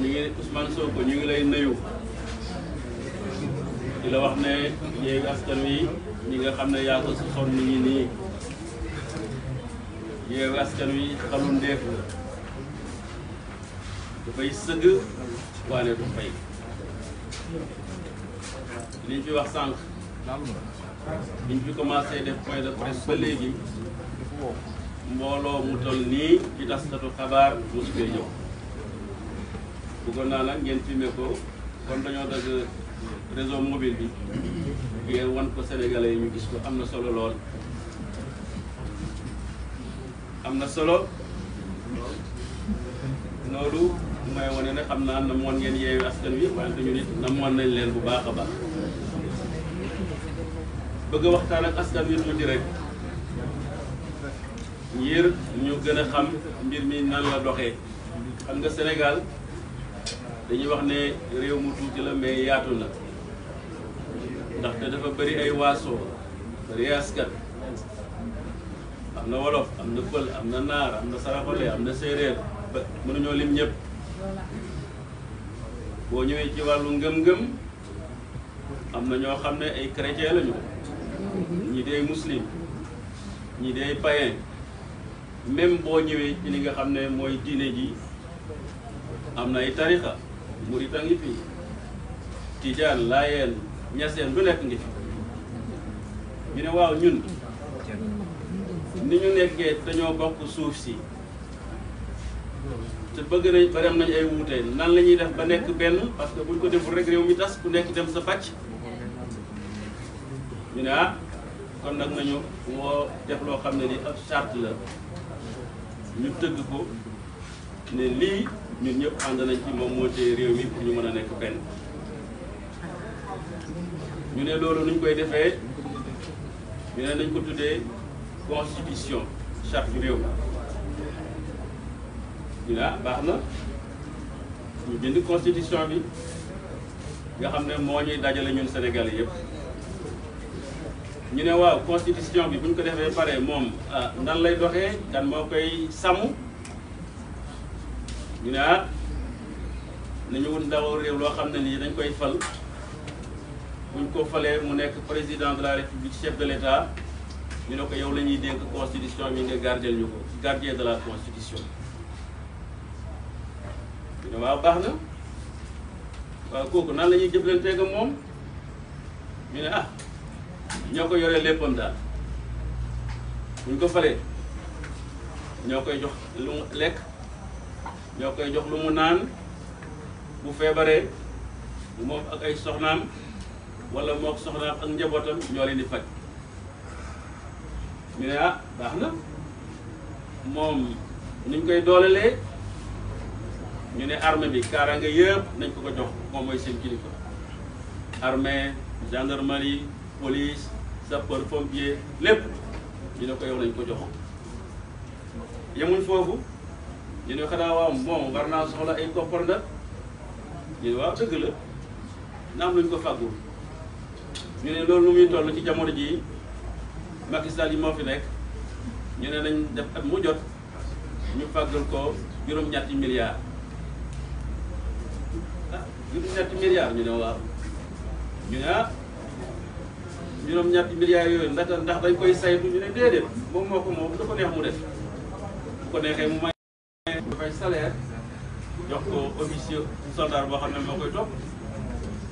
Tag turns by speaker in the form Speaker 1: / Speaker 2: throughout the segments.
Speaker 1: ñu ngi Ousmane Sonko ñu ngi lay nuyu di la wax ne yéegi askan wi ñi nga xam ne yaa ko sosoon ni ngi nii yéegi askan wi xalum ndeef la dafay sëgg waane du fay liñ fi wax sànq biñ fi commencé def point de presse ba léegi mbooloo mu toll nii ci taskatu xabaar mos fee ñëw bëggoon naa la ngeen filmé ko kon dañoo dagg réseau mobile bi ngeen wan ko sénégalais ñu gis ko am na solo lool na solo loolu may wane ne xam naa namoon ngeen yeewi askan wi wante ñu nit namoon nañ leen bu baax a baax bëgg waxtaan ak askan wi tuuti rek ngir ñu gën a xam mbir mi nan la doxee xam nga Sénégal dañuy wax ne réew mu tuuti la mais yaatu na ndaxte dafa bëri ay waasoo bëri askan am na wolof am na pël am na naar am na saraxole am na séeréer ba nañoo lim ñëpp boo ñëwee ci wàllu ngëm-ngëm am na ñoo xam ne ay chrétien lañu ñi day muslim ñi day païen même boo ñëwee ci li nga xam ne mooy diine ji am na ay tarixa murit a ngi fi tijaan laayeen ñaseen lu nekk ngi fi ñu ne waaw ñun ni ñu nekkee dañoo bokk suuf si te bëgg nañ bari am nañ ay wuute nan la ñuy def ba nekk benn parce que buñ ko deful rek réew mi tas bu nekk dem sa pàcc ñu ne ah kon nag nañu moo def loo xam ne ni ak charte la ñu tëgg ko ne lii ñun ñëpp ànd nañ ci moom moo téye réew mi pour ñu mën a nekk benn ñu ne loolu nuñ koy defee ñu ne nañ ko tuddee constitution charte réew mi ñu ah baax na ñu bind constitution bi nga xam ne moo ñuy dajale ñun Sénégalais yëpp ñu ne waaw constitution bi bu ñu ko defee pare moom ah, nan lay doxee kan moo koy sàmm ñu ne ah nañu wut ndaw réew loo xam ne nii dañ koy fal buñ ko falee mu nekk président de la république chef de l' ñu ne ko yow la ñuy dénk constitution bi nga gardel ñu ko gardien de la constitution ñu ne waaw baax na waaw kooku nan la ñuy jëflanteeg moom ñu ne ah ñoo ko yoree léppam daal bu ko falee ñoo koy jox lu mu lekk ñoo koy jox lu mu naan bu feebaree moom ak ay soxnaam wala moo soxnaam ak njabootam ñoo leen di faj ñu ne ah baax na moom nuñ koy doolelee ñu ne armée bi nga yëpp nañ ko ko jox moom mooy seen kilifa armée gendarmerie. police sapeur pompier lépp ñu ne ko yow lañ ko jox yemuñ foofu ñu ne xanaa waaw bon war naa soxla ay koppar la ñu ne waaw dëgg la na am luñ ko fàggul ñu ne lool lu muy toll ci jamono jii Macky Sall yi moo fi nekk ñu ne nañ def at mu jot ñu fàggal ko juróom-ñetti milliards ah juróom-ñetti milliards ne waaw ñu ne ah juróom ñetti milliards yooyu ndax ndax dañ koy saytu ñu ne déedéet moom moo ko moom da ko neex mu ko mu may dafay jox ko officier soldat boo xam ne moo koy togg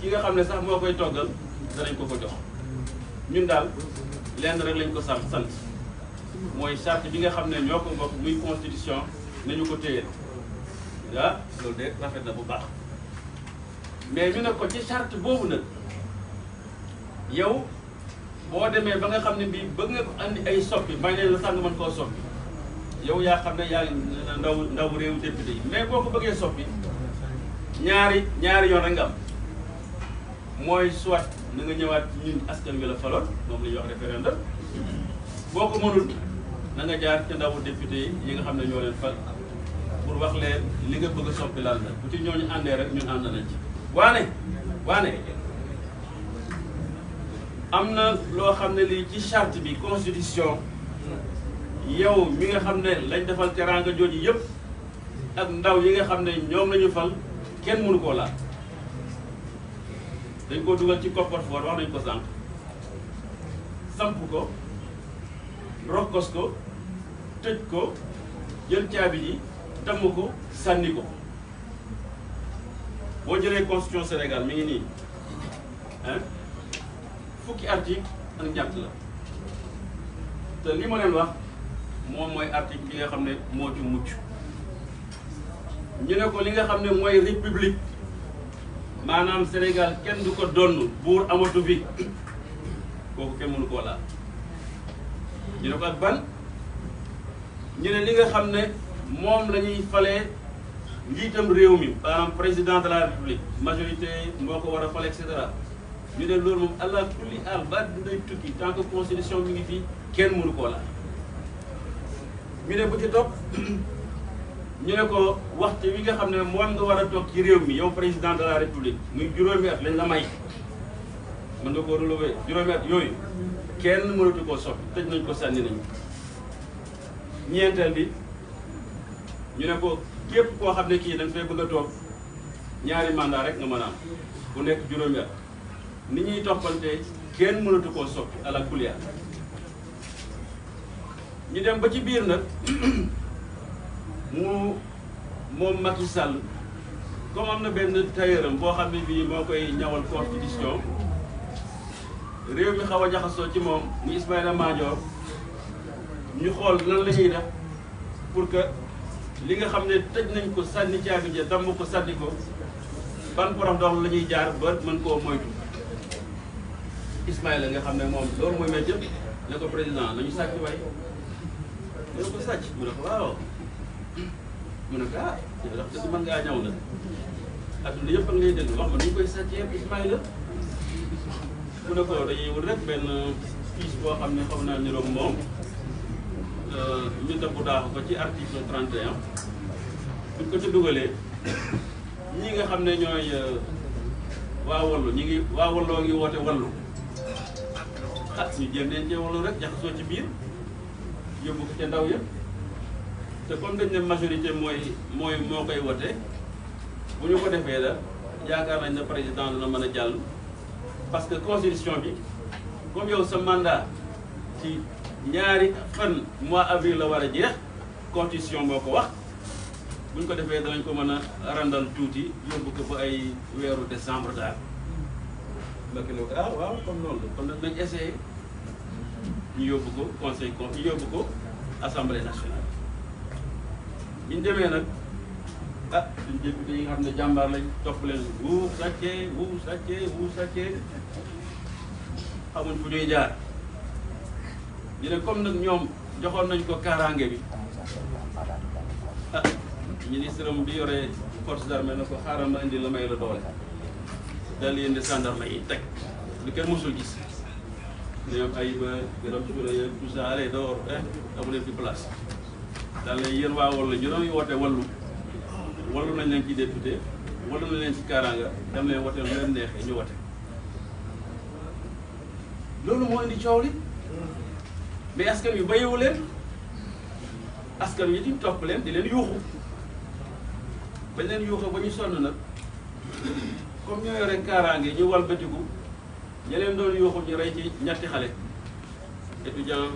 Speaker 1: ki nga xam ne sax moo koy toggal danañ ko ko jox ñun daal lenn rek lañ ko sant sant mooy charte bi nga xam ne ñoo ko bokk muy constitution nañu ko téye ah loolu de rafet na bu baax mais ñu ne ko ci charte boobu nag yow boo demee ba nga xam ne bii bëgg nga ko andi ay soppi may ne la sàng koo soppi yow yaa xam ne yaa ndaw ndaw réew député yi mais boo ko bëggee soppi ñaari ñaari yoon rek nga mooy soit na nga ñëwaat ñun askan wi la faloon moom la ñuy wax référendum boo ko mënul na nga jaar ca ndaw député yi nga xam ne ñoo leen fal pour wax leen li nga bëgg a soppi laal la bu ci ñooñu àndee rek ñun ànd nañ ci waane waane am na loo xam ne lii ci charte bi constitution yow mi nga xam ne lañ defal teraanga yi yëpp ak ndaw yi nga xam ne ñoom lañu fal kenn mënu koo laal dañ koo dugal ci coffre-fort wax nañ ko sànq samp ko rokkos ko tëj ko jël caabi yi damm ko sànni ko boo jëlee constitution Sénégal mi ngi nii fukki article ak ñett la te li ma leen wax moom mooy article bi nga xam ne moo ci mucc ñu ne ko li nga xam ne mooy république maanaam Sénégal kenn du ko donn buur amatu bi kooku kenn mënu koo laal ñu ko ak ban ñu ne li nga xam ne moom la ñuy falee tam réew mi maanaam président de la république majorité moo ko war a fale et ñu ne loolu moom allah kulli aar ba dunay tukki tant que constitution mi ngi fii kenn mënu koo laal ñu ne bu ci topp ñu ne ko waxtu wi nga xam ne moom nga war a toog ci réew mi yow président de la république muy juróomi at lañ la may mën nga koo relever juróomi at yooyu kenn mënatu koo soppi tëj nañ ko sànni nañu ñeenteel bi ñu ne ko képp koo xam ne kii dañ fay bëgg a toog ñaari mandat rek nga mën ku am bu nekk juróomi at ni ñuy toppante kenn mënatu koo soppi ala kuliya ñu dem ba ci biir nag mu moom Macky sàll comme am na benn tailleuram boo xam ne bii moo koy ñawal koor ci distion réew mi xaw a jaxasoo ci moom mu Ismaïla Madior ñu xool lan la def pour que li nga xam ne tëj nañ ko sànni caabi ja damm ko sànni ko ban borom dox la jaar ba mën koo moytu Ismaïla nga xam ne moom loolu mooy métier ne ko président nañu sàcc waay mu ne ko sàcc mu ne ko waaw mu ne ko ah yow dafa si ñaw na adduna yëpp a ngay dégg wax ma ni ñu koy sàccee Ismaïla mu ne ko dañuy wut rek benn pièce boo xam ne xaw naa niroog moom dem ko daax ko ci article 31 buñ ko ci dugalee ñi nga xam ne ñooy euh, waa wallu ñi ngi waa walloo ngi woote wallu xat si jéem leen ñëwaloo rek jaxasoo ci biir yóbbu ko ca ndaw ya te comme dañ ne majorité mooy mooy moo koy wote bu ñu ko defee la yaakaar nañ ne président dina mën a jàll parce que constitution bi comme yow sa mandat ci ñaari fan mois avril la war a jeex constitution moo ko wax bu ñu ko defee danañ ko mën a randal tuuti yóbbu ko ba ay weeru décembre daal Mbacké ne ko ah waaw comme noonu la kon nag nañ essayé ñu yóbbu ko conseil con ñu yóbbu ko assemblée nationale. bi ñu demee nag ah suñu député xam ne jàmbaar lañ topp leen wuu sàccee wuu sàccee wuu sàccee amuñ fu ñuy jaar ñu comme nag ñoom joxoon nañ ko kaaraange bi ah ministre am bi yore force d'armée na ko xaaral ma indi la may la doole. dal yéen de gendarme yi teg lu kenn mosul gis ñoom Ayiba Biram Touré yeeg tout ça allez dehors eh amu leen fi place daal ne waa Wallu ñu doon woote Wallu Wallu nañ leen ci député Wallu nañ leen ci kaaraanga dem leen wote loolu moo indi coow li mais askan wi bayewu leen askan wi di topp leen di leen yuuxu bañ leen yuuxu ba ñu sonn nag comme ñoo yore kaaraange ñu walbatiku ña leen doon yuuxu ñu rey ci ñetti xale étudiant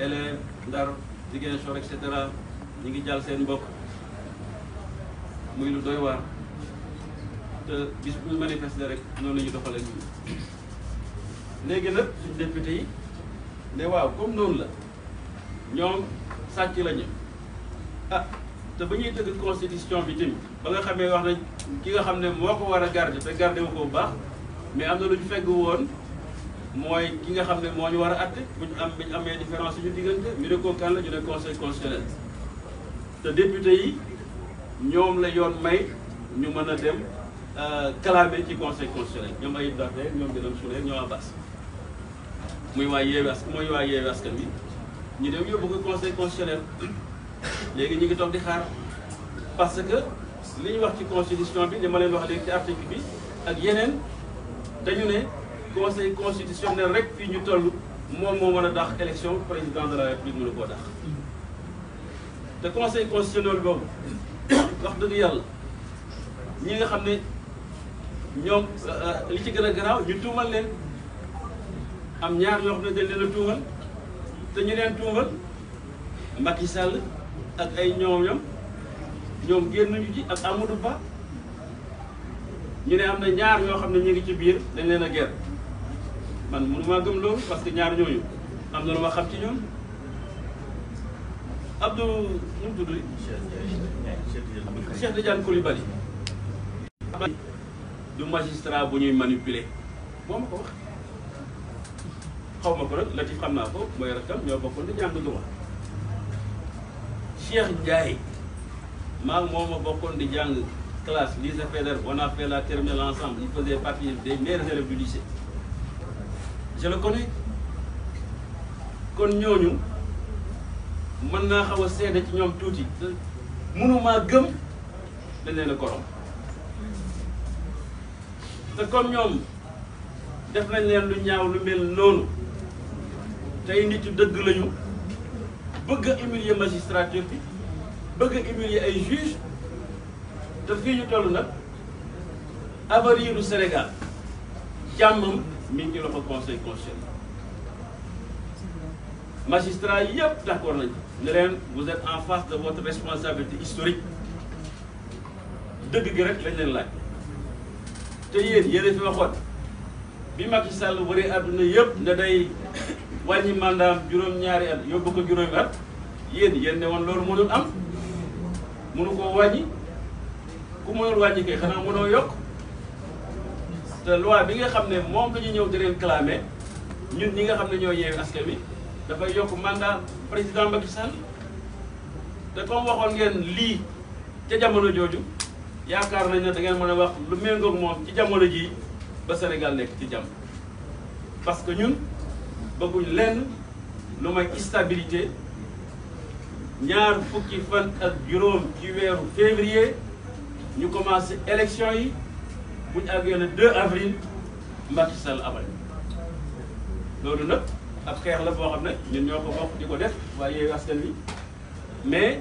Speaker 1: élève ndar Ziguinchor et cetera ñu ngi jàll seen mbokk muy lu doy waar te bis bu ñu manifester rek noonu ñu doxalee ñun. léegi nag suñ député yi ne waaw comme noonu la ñoom sàcc lañu ah. te ba ñuy tëgg constitution bi tamit ba nga xamee wax nañ ki nga xam ne moo ko war a garder te garder wu ko bu baax mais am na lu ñu feg woon mooy ki nga xam ne moo ñu war a atte bu ñu am bu amee différence yu ñu diggante ñu ne ko kan la ñu ne conseil constitutionnel te député yi ñoom la yoon may ñu mën a dem euh, clamé ci conseil constitutionnel ñoom Ayib Daffé ñoom Birame Souleye ñoom Abass muy waa Yewwi Askan muy waa Yewwi Askan bi ñu dem yóbbu ko conseil constitutionnel. léegi ñu ngi toog di xaar parce que li ñu wax ci constitution bi li ma leen wax léegi ci article bi ak yeneen dañu ne conseil constitutionnel rek fii ñu toll moom moo mën a dax élection président de la république mënu koo dàq te conseil constitutionnel boobu wax dëgg yàlla ñi nga xam ne ñoom li ci gën a garaaw ñu tuumal leen am ñaar ñoo xam ne dañ leen tuumal te ñu leen tuumal Macky ak ay ñoom ñoom génnuñu ci ak Amadou Ba ñu ne am na ñaar ñoo xam ne ñu ngi ci biir dañ leen a ger man mënu maa gëm loolu parce que ñaar ñooñu am na lu ma xam ci ñoom Abdou nu mu tudd Cheikh Tidiane Coulibaly du magistrat bu ñuy manipuler moo ma ko wax xaw ma ko rek Latif xam naa ko mooy rakkam ñoo bokkoon di jàng droit Cheikh Ndiaye maa moom a bokkoon di jàng classe lycée Faidherbe on a fait la terminale ensemble il faisait partie des meilleurs élèves du lycée je le connais kon ñooñu mën naa xaw a seede ci ñoom tuuti mënumaa gëm dañ leen a korom te ñoom def nañ leen lu ñaaw lu mel noonu tey nit dëgg lañu bëgg a humilier magistrature bi bëgg a ay juge te fii ñu toll nag avenir du Sénégal jàmmam mi ngi ci loxo conseil constitutionnel magistrats yëpp d'accord nañu ne leen vous êtes en face de votre responsabilité historique dëgg gi rek lañ leen laaj te yéen yéen a fi waxoon bi Macky Sall waree àdduna yëpp ne day. wàññi mandaam juróom-ñaari at yóbbu ko juróomi at yéen yéen ne woon loolu mënul am mënu koo wàññi ku mënul wàññi kay xanaa mënoo yokk te loi bi nga xam ne moom la ñu ñëw di leen ñun ñi nga xam ne ñoo yeewi askan wi dafay yokk mandat président Macky Sall te comme waxoon ngeen lii ca jamono jooju yaakaar nañ ne da ngeen mën a wax lu méngoog moom ci jamono jii ba Sénégal nekk ci jàmm parce ñun. bëgguñ lenn lu may stabilité ñaar fukki fan ak juróom ci weeru février ñu commencé élection yi buñ ak le 2 avril Macky Sall abal loolu nag ab xeex la boo xam ne ñun ñoo ko bokk di ko def waaye yooyu askan mais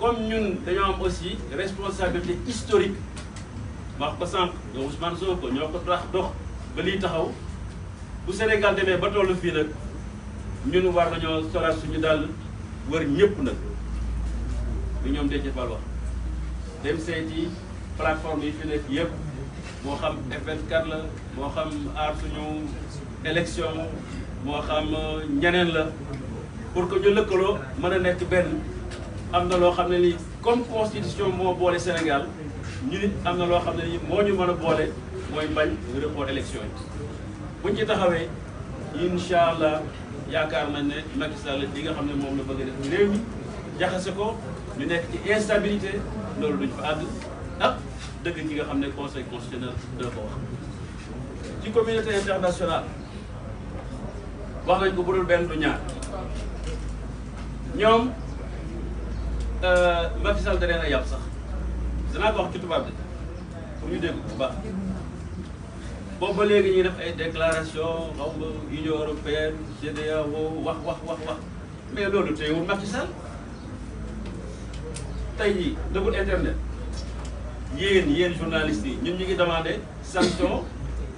Speaker 1: comme ñun dañoo am aussi responsabilité historique wax ko sànq ñoo Ousmane Sonko ñoo ko tax dox ba liy taxaw bu Sénégal demee ba tollu fii nag ñun wax nañoo solaat suñu dàll wër ñëpp nag lu ñoom Déthié Fall wax dem seeti plateforme yi fi nekk yëpp moo xam F24 la moo xam aar suñu élection moo xam euh, ñeneen la pour que ñu lëkkaloo mën a nekk benn am na loo xam ne nii comme constitution moo boole Sénégal ñu nit am na loo xam ne nii moo ñu mën a boole mooy bañ report élection yi buñ ñu taxawee incha allah yaakaar nañ ne Macky Sall nga xam ne moom la bëgg a def réew mi jaxase ko ñu nekk ci instabilité loolu duñ fa àgg ak dëgg gi nga xam ne conseil constitutionnel dina ko wax. ci communauté internationale wax nañ ko bu dul benn du ñaar ñoom euh, Macky Sall da a yàpp sax danaa ko wax ci tubaab bi pour ñu dégg bu boobu ba léegi ñuy def ay déclaration xaw ma union européenne e wax wax wax wax mais loolu teewul Macky Sall tey jii dëggul internet yéen yéen journalistes yi ñun ñu ngi demandé sanction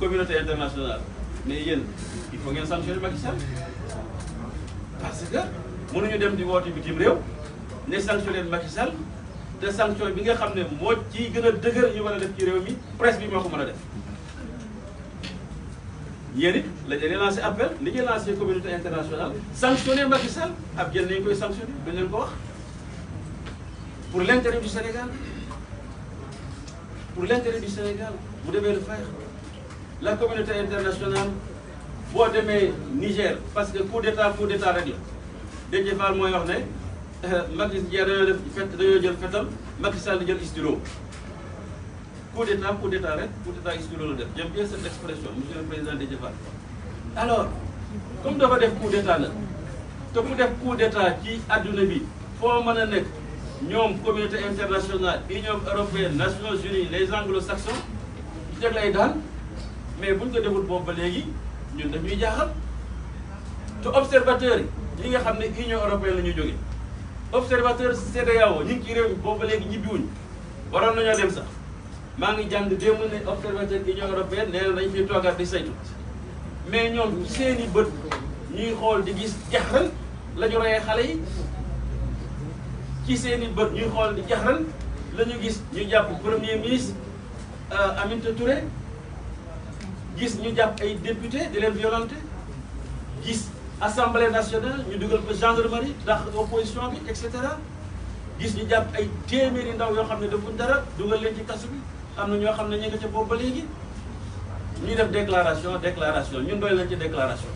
Speaker 1: communauté internationale mais yéen il faut ngeen sanctionner Macky Sall parce que mënuñu dem di woote bitim réew ne sanctionner Macky Sall te sanction bi nga xam ne moo ciy gën a dëgër ñu war a def ci réew mi presse bi moo ko mën a def. yéen it la ñuy appel li ñuy lancé communauté internationale sanctionné Macky Sall ab jël nañu koy sanctionné dañ leen ko wax pour l' du Sénégal pour l' intérêt du Sénégal bu demee le faire la communauté internationale boo demee Niger parce que coup d' état coup d' état rek de Déthié Fall mooy wax ne euh, Macky Sall dañoo def fet dañoo jël fetal Macky Sall jël istilo coup d'état coup d'état rek coup d'état loolu def j'aime bien cette expression monsieur le président Déthié Fall alors comme dafa def coup d'état la te mu def coup d'état ci adduna bi foo mën a nekk ñoom communauté internationale union européenne nations unies les anglo-saxons jeg lay daal mais buñ ko deful boobu ba léegi ñun dañuy jaaxal te observateurs yi yi nga xam ne union européenne la ñu jógee observateur CEDEAO ñu ngi ci réew mi boobu ba léegi ñibbiwuñ waroon nañoo dem sax maa ngi jàng démb ne observateur union européenne nee na dañ fiy toogaat di saytu mais ñoom seeni bët ñuy xool di gis jaxran lañu ñu reyee xale yi ci seeni bët ñuy xool di jaxran la ñu gis ñu jàpp premier ministre euh, Aminata Touré gis ñu jàpp ay député di leen violenté gis assemblée nationale ñu dugal ko gendarmerie ndax opposition bi et cetera gis ñu jàpp ay téeméeri ndaw yoo xam ne defuñ dara dugal leen ci kasu bi am na ñoo xam ne ñu nga ca boobu ba léegi ñuy def déclaration déclaration ñun doy nañ ci déclaration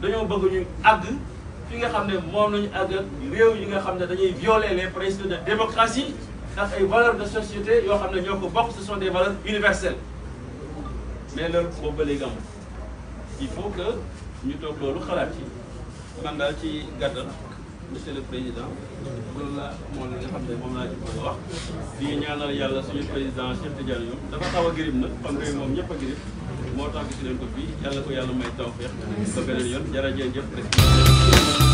Speaker 1: dañoo bëgg ñu àgg fi nga xam ne moom nañu àgg ak réew yi nga xam ne dañuy violer les principes de démocratie ndax ay valeur de société yoo xam ne ñoo ko bokk ce sont des valeurs universelles mais loolu boobu ba léegi amul il faut que ñu toog loolu xalaat ci man daal ci gàttal monsieur le président loolu la moom la nga xam moom laa ci mën a wax
Speaker 2: di ñaanal yàlla
Speaker 1: suñu président Cheikh Tidiane Diop dafa xaw a girib nag fan yooyu moom ñëpp a girib moo tax gis leen ko fii yàlla ko yàlla may tawfeex ba beneen yoon jërëjëf jëf président